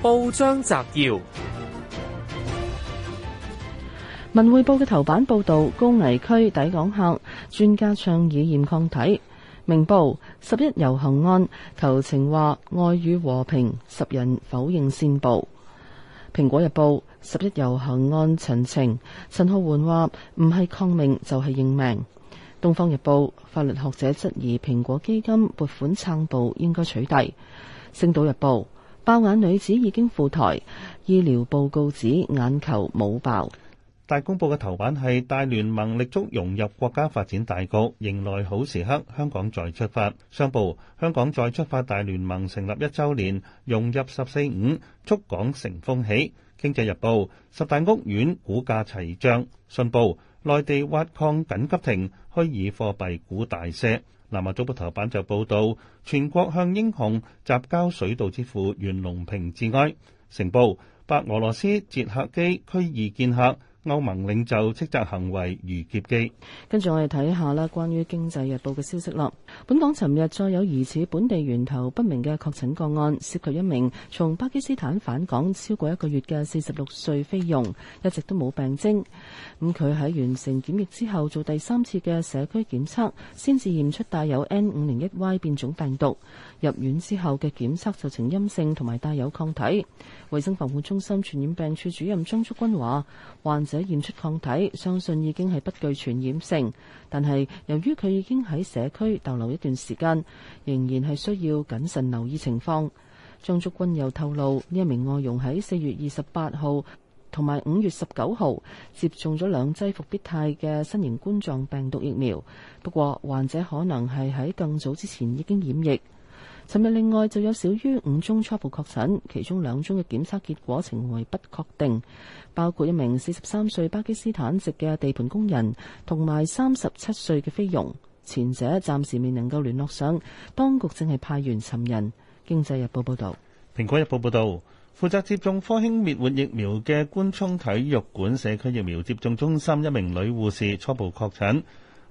報章摘要：《文匯報》嘅頭版報道高危區抵港客，專家倡議驗抗體；《明報》十一遊行案求情話愛與和平，十人否認先報。《蘋果日報》十一遊行案陳情，陳浩桓話唔係抗命就係認命。《東方日報》法律學者質疑蘋果基金撥款撐報應該取締。《星島日報》爆眼女子已經赴台，醫療報告指眼球冇爆。大公報嘅頭版係大聯盟力足融入國家發展大局，迎來好時刻，香港再出發。商報：香港再出發大聯盟成立一週年，融入十四五，促港成風起。經濟日報：十大屋苑股價齊漲。信報：內地挖礦緊急停，虛擬貨幣股大瀉。南華早報頭版就報道，全國向英雄雜交水稻之父袁隆平致哀。成報，白俄羅斯捷克基區二建客。歐盟領袖斥責行為如劫機，跟住我哋睇下啦，關於《經濟日報》嘅消息啦。本港尋日再有疑似本地源頭不明嘅確診個案，涉及一名從巴基斯坦返港超過一個月嘅四十六歲菲傭，一直都冇病徵。咁佢喺完成檢疫之後做第三次嘅社區檢測，先至驗出帶有 N 五零一 Y 變種病毒。入院之後嘅檢測就呈陰性，同埋帶有抗體。衛生防護中心傳染病處主任張竹君話：患者驗出抗體，相信已經係不具傳染性，但係由於佢已經喺社區逗留一段時間，仍然係需要謹慎留意情況。張竹君又透露，呢一名外傭喺四月二十八號同埋五月十九號接種咗兩劑復必泰嘅新型冠狀病毒疫苗，不過患者可能係喺更早之前已經染疫。尋日另外就有少於五宗初步確診，其中兩宗嘅檢測結果成為不確定，包括一名四十三歲巴基斯坦籍嘅地盤工人同埋三十七歲嘅菲傭，前者暫時未能夠聯絡上，當局正係派員尋人。經濟日報報道。蘋果日報報道，負責接種科興滅活疫苗嘅官涌體育館社區疫苗接種中心一名女護士初步確診。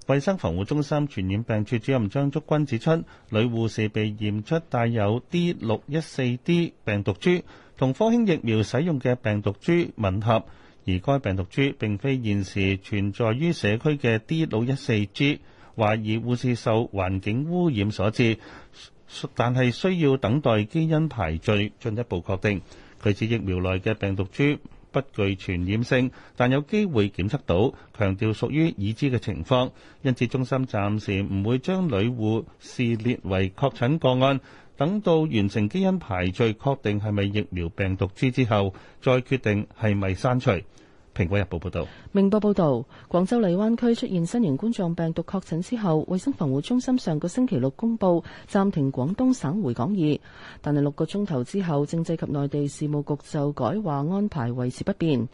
衛生防護中心傳染病處主任張竹君指出，女護士被驗出帶有 D 六一四 D 病毒株，同科興疫苗使用嘅病毒株吻合，而該病毒株並非現時存在於社區嘅 D 六一四 g，懷疑護士受環境污染所致，但係需要等待基因排序進一步確定。佢指疫苗內嘅病毒株。不具傳染性，但有機會檢測到，強調屬於已知嘅情況，因此中心暫時唔會將女護士列為確診個案，等到完成基因排序，確定係咪疫苗病毒株之後，再決定係咪刪除。《蘋果日報》報道，明報報道，廣州荔灣區出現新型冠狀病毒確診之後，衛生防護中心上個星期六公布暫停廣東省回港易，但係六個鐘頭之後，政制及內地事務局就改話安排維持不變，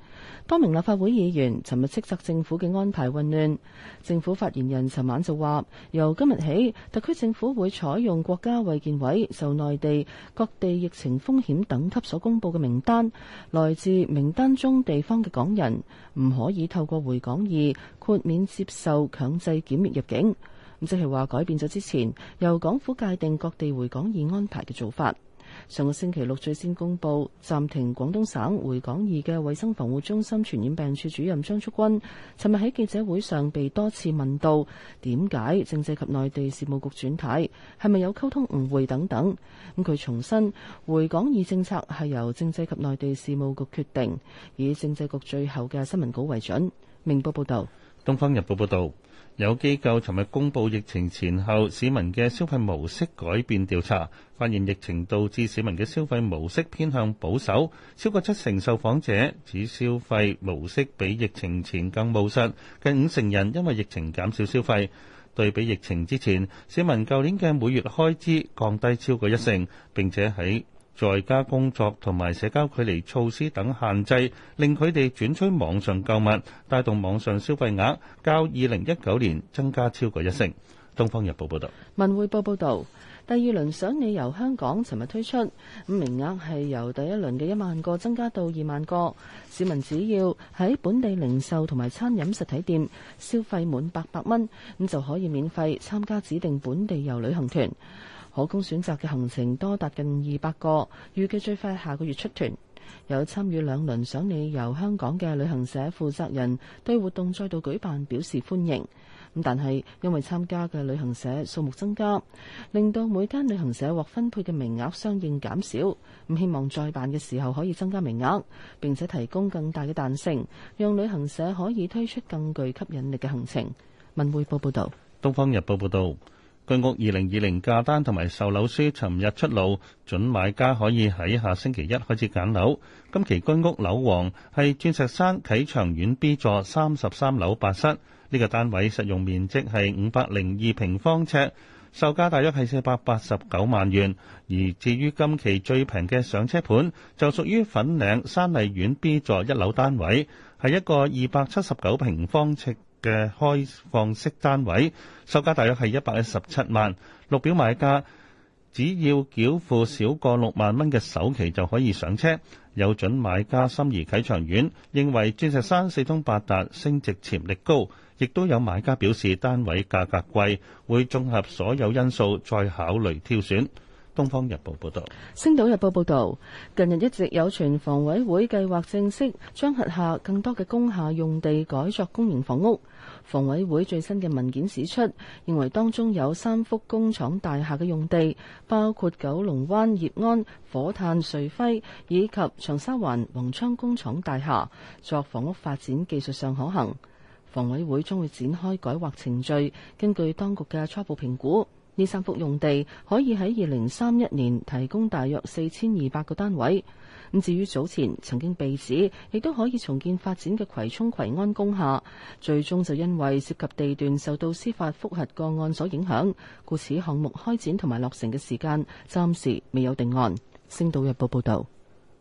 多名立法會議員尋日斥責政府嘅安排混亂，政府發言人尋晚就話由今日起，特區政府會採用國家衛健委就內地各地疫情風險等級所公布嘅名單，來自名單中地方嘅港人唔可以透過回港易豁免接受強制檢疫入境，咁即係話改變咗之前由港府界定各地回港易安排嘅做法。上個星期六最先公布暫停廣東省回港易嘅衛生防護中心傳染病處主任張竹君，尋日喺記者會上被多次問到點解政制及內地事務局轉軚，係咪有溝通誤會等等，咁佢重申回港易政策係由政制及內地事務局決定，以政制局最後嘅新聞稿為準。明報報道。《東方日報》報導，有機構尋日公布疫情前後市民嘅消費模式改變調查，發現疫情導致市民嘅消費模式偏向保守，超過七成受訪者指消費模式比疫情前更務實，近五成人因為疫情減少消費。對比疫情之前，市民舊年嘅每月開支降低超過一成，並且喺在家工作同埋社交距離措施等限制，令佢哋轉趨網上購物，帶動網上消費額較二零一九年增加超過一成。《東方日報》報道。《文匯報》報道：「第二輪賞你遊香港，尋日推出，名額係由第一輪嘅一萬個增加到二萬個。市民只要喺本地零售同埋餐飲實體店消費滿八百蚊，咁就可以免費參加指定本地遊旅行團。可供選擇嘅行程多達近二百個，預計最快下個月出團。有參與兩輪想你遊香港嘅旅行社負責人對活動再度舉辦表示歡迎。咁但係因為參加嘅旅行社數目增加，令到每間旅行社獲分配嘅名額相應減少。咁希望再辦嘅時候可以增加名額，並且提供更大嘅彈性，讓旅行社可以推出更具吸引力嘅行程。文匯報報道。《東方日報》報道。居屋二零二零價單同埋售樓書，尋日出爐，準買家可以喺下星期一開始揀樓。今期居屋樓王係鑽石山啟祥苑 B 座三十三樓八室，呢、這個單位實用面積係五百零二平方尺，售價大約係四百八十九萬元。而至於今期最平嘅上車盤，就屬於粉嶺山麗苑 B 座一樓單位，係一個二百七十九平方尺嘅開放式單位，售價大約係一百一十七萬。綠表買家只要繳付少過六萬蚊嘅首期就可以上車。有準買家心儀啟祥苑，認為鑽石山四通八達，升值潛力高。亦都有買家表示單位價格貴，會綜合所有因素再考慮挑選。《東方日報》報導，《星島日報》報導，近日一直有傳房委會計劃正式將轄下更多嘅工廈用地改作公營房屋。房委會最新嘅文件指出，認為當中有三幅工廠大廈嘅用地，包括九龍灣葉安、火炭瑞輝以及長沙灣宏昌工廠大廈，作房屋發展技術上可行。房委會將會展開改劃程序，根據當局嘅初步評估，呢三幅用地可以喺二零三一年提供大約四千二百個單位。咁至於早前曾經被指，亦都可以重建發展嘅葵涌葵安工廈，最終就因為涉及地段受到司法覆核個案所影響，故此項目開展同埋落成嘅時間暫時未有定案。星島日報報道。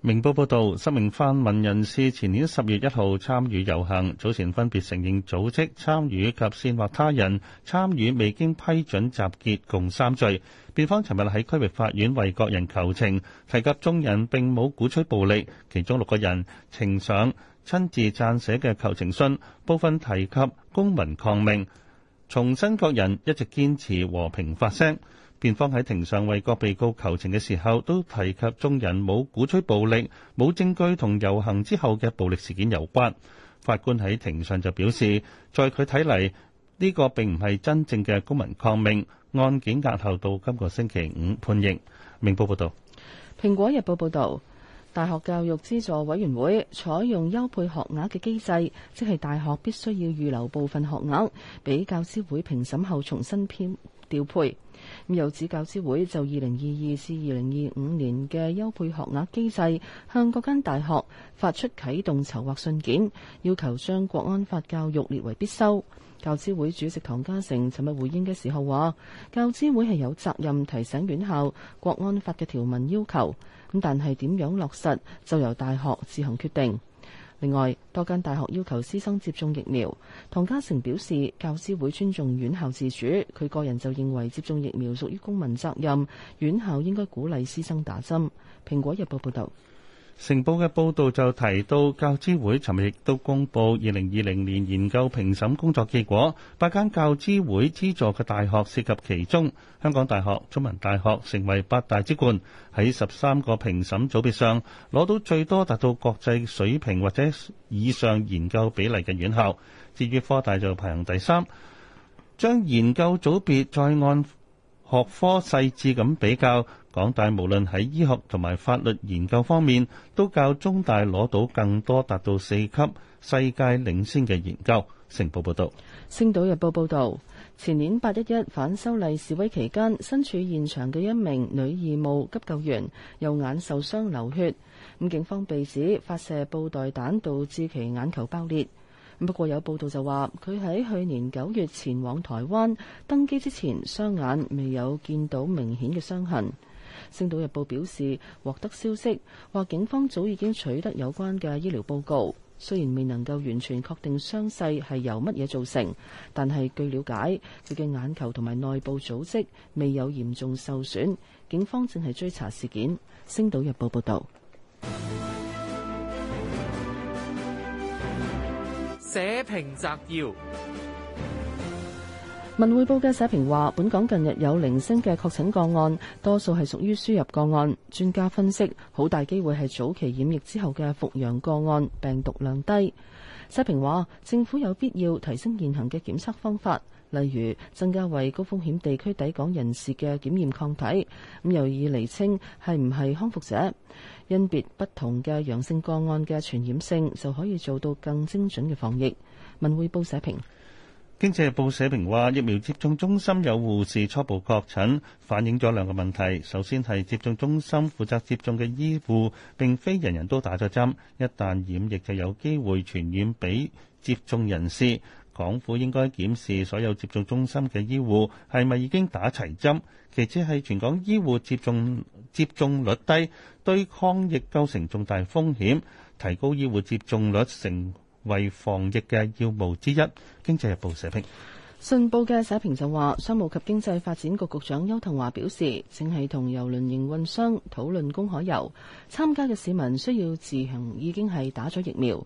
明報報導，十名泛民人士前年十月一號參與遊行，早前分別承認組織、參與及煽惑他人參與未經批准集結共三罪。辯方尋日喺區域法院為各人求情，提及眾人並冇鼓吹暴力，其中六個人呈上親自撰寫嘅求情信，部分提及公民抗命，重申各人一直堅持和平發聲。辯方喺庭上為各被告求情嘅時候，都提及眾人冇鼓吹暴力，冇證據同遊行之後嘅暴力事件有關。法官喺庭上就表示，在佢睇嚟呢個並唔係真正嘅公民抗命。案件押後到今個星期五判刑。明報報道。《蘋果日報》報道，大學教育資助委員會採用優配學額嘅機制，即係大學必須要預留部分學額，俾教資會評審後重新編調配。咁，由指教資會就二零二二至二零二五年嘅優配學額機制，向各間大學發出啟動籌劃信件，要求將國安法教育列為必修。教資會主席唐家成尋日回應嘅時候話，教資會係有責任提醒院校國安法嘅條文要求，咁但係點樣落實就由大學自行決定。另外，多間大學要求師生接種疫苗。唐家成表示，教師會尊重院校自主，佢個人就認為接種疫苗屬於公民責任，院校應該鼓勵師生打針。蘋果日報報道。成報嘅報導就提到，教資會尋日亦都公布二零二零年研究評審工作結果，八間教資會資助嘅大學涉及其中，香港大學、中文大學成為八大之冠，喺十三個評審組別上攞到最多達到國際水平或者以上研究比例嘅院校。至於科大就排行第三，將研究組別再按學科細緻咁比較。港大無論喺醫學同埋法律研究方面，都較中大攞到更多達到四級世界領先嘅研究。成報報導，《星島日報》報道：「前年八一一反修例示威期間，身處現場嘅一名女義務急救員右眼受傷流血，咁警方被指發射布袋彈導致其眼球爆裂。不過有報道就話，佢喺去年九月前往台灣登機之前，雙眼未有見到明顯嘅傷痕。《星島日報》表示獲得消息，話警方早已經取得有關嘅醫療報告，雖然未能夠完全確定傷勢係由乜嘢造成，但係據了解，佢嘅眼球同埋內部組織未有嚴重受損，警方正係追查事件。《星島日報》報道。社評摘要。文匯報嘅社評話，本港近日有零星嘅確診個案，多數係屬於輸入個案。專家分析，好大機會係早期染疫之後嘅復陽個案，病毒量低。社評話，政府有必要提升現行嘅檢測方法，例如增加為高風險地區抵港人士嘅檢驗抗體，咁又以釐清係唔係康復者。因別不同嘅陽性個案嘅傳染性，就可以做到更精準嘅防疫。文匯報社評。《經濟日報》社評話，疫苗接種中心有護士初步確診，反映咗兩個問題。首先係接種中心負責接種嘅醫護並非人人都打咗針，一旦染疫就有機會傳染俾接種人士。港府應該檢視所有接種中心嘅醫護係咪已經打齊針。其次係全港醫護接種接種率低，對抗疫構成重大風險，提高醫護接種率成，為防疫嘅要務之一，《經濟日報》社評，信報嘅社評就話，商務及經濟發展局局長邱騰華表示，正係同郵輪營運商討論公海遊。參加嘅市民需要自行已經係打咗疫苗，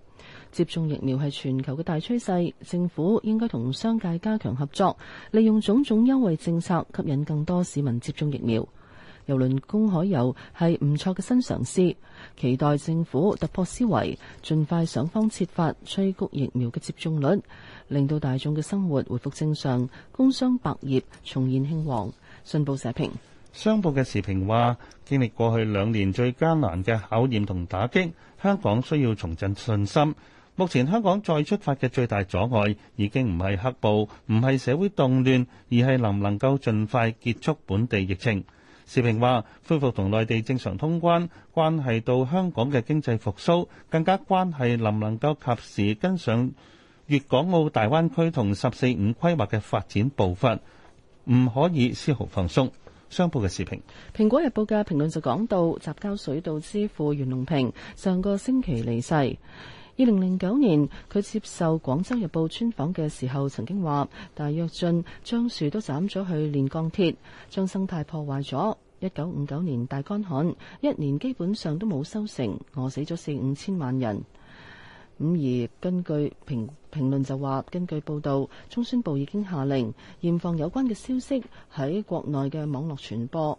接種疫苗係全球嘅大趨勢，政府應該同商界加強合作，利用種種優惠政策吸引更多市民接種疫苗。遊輪公海遊係唔錯嘅新嘗試，期待政府突破思維，盡快想方設法催谷疫苗嘅接種率，令到大眾嘅生活回復正常，工商百業重現興旺。信報社評商報嘅時評話，經歷過去兩年最艱難嘅考驗同打擊，香港需要重振信心。目前香港再出發嘅最大阻礙已經唔係黑暴，唔係社會動亂，而係能唔能夠盡快結束本地疫情。時評話，恢復同內地正常通關，關係到香港嘅經濟復甦，更加關係能唔能夠及時跟上粵港澳大灣區同十四五規劃嘅發展步伐，唔可以絲毫放鬆。商報嘅時評，蘋果日報嘅評論就講到，雜交水稻之父袁隆平上個星期離世。二零零九年，佢接受《廣州日報》專訪嘅時候，曾經話大躍進將樹都斬咗去煉鋼鐵，將生態破壞咗。一九五九年大乾旱，一年基本上都冇收成，餓死咗四五千萬人。五而根據評評論就話，根據報道，中宣部已經下令嚴防有關嘅消息喺國內嘅網絡傳播。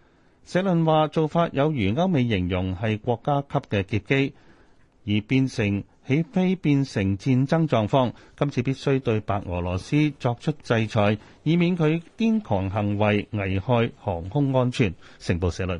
社論話做法有如歐美形容係國家級嘅劫機，而變成起飛變成戰爭狀況。今次必須對白俄羅斯作出制裁，以免佢癲狂行為危害航空安全。成報社論。